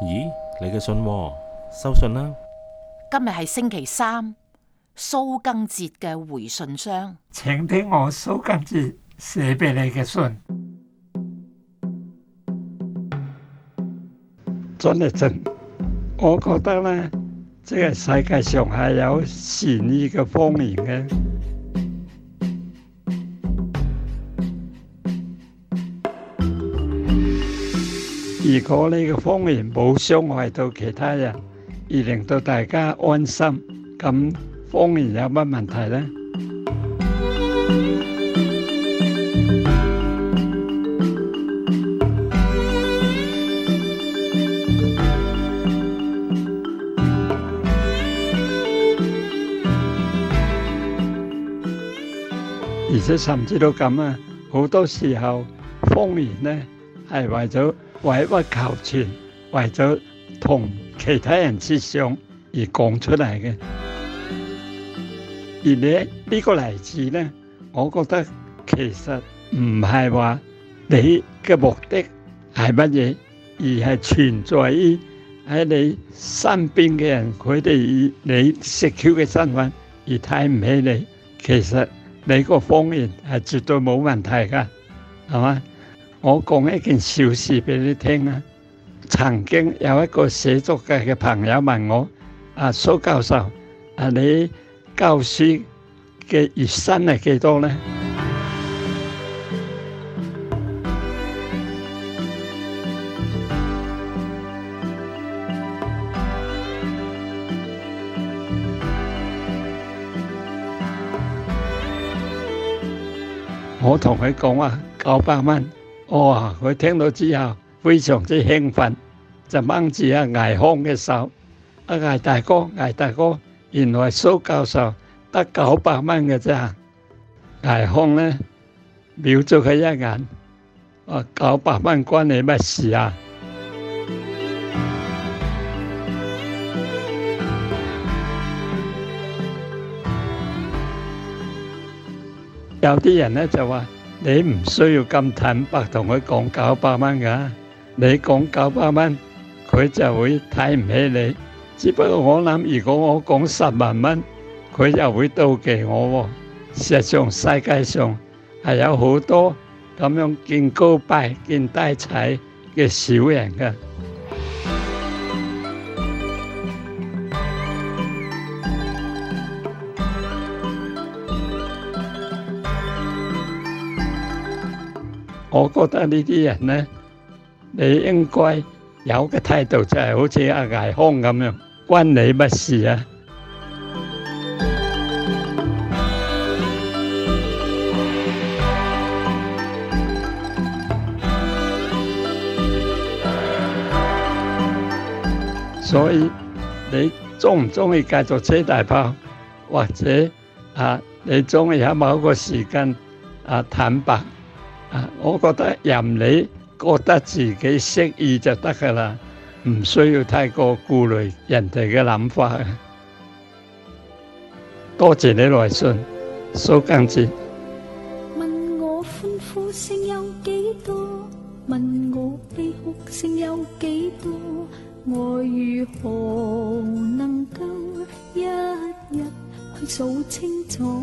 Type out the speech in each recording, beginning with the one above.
咦，你嘅信、哦，收信啦！今日係星期三，蘇賡哲嘅回信箱，請聽我蘇賡哲寫俾你嘅信。真係真，我覺得咧，即、這、係、個、世界上係有善意嘅方面嘅。如果呢個謊言冇傷害到其他人，而令到大家安心，咁謊言有乜問題呢？而且甚至都咁啊，好多時候謊言呢係為咗。委屈求全，為咗同其他人設想而講出嚟嘅。而你呢個例子呢，我覺得其實唔係話你嘅目的係乜嘢，而係存在於喺你身邊嘅人，佢哋以你食超嘅身份而睇唔起你。其實你個謊言係絕對冇問題噶，係嘛？我講一件小事俾你聽啊！曾經有一個寫作界嘅朋友問我，啊蘇教授，啊你教書嘅月薪係幾多呢？我同佢講啊，九百蚊。哇！佢聽到之後非常之興奮，就掹住阿魏康嘅手，阿魏大哥，魏大哥，原來蘇教授得九百蚊㗎咋。魏康呢瞄咗佢一眼，啊，九百蚊關你乜事啊？有啲人呢就話。你唔需要咁坦白同佢講九百蚊噶？你講九百蚊，佢就會睇唔起你。只不過我諗，如果我講十萬蚊，佢又會妒忌我喎。實際上世界上係有好多咁樣見高拜見低踩嘅小人噶。我覺得呢啲人呢，你應該有個態度，就係好似阿艾康咁樣，關你乜事啊？所以你鍾唔鍾意繼續車大炮，或者啊，你鍾意喺某一個時間啊坦白？我覺得任你覺得自己適意就得噶啦，唔需要太過顧慮人哋嘅諗法。多謝你來信，蘇賡哲。問我歡呼聲有幾多，問我悲哭聲有幾多。我如何能夠一日去數清楚？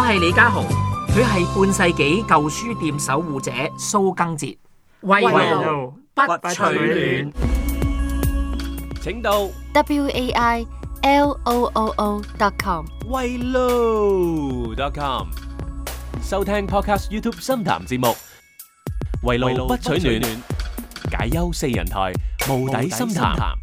我係李嘉豪，佢係半世紀舊書店守護者蘇賡哲。圍爐不取暖，請到 wailoo.com。圍爐 dotcom 收聽 Podcast YouTube 深談節目，圍爐不取暖，解憂四人台，無底深談。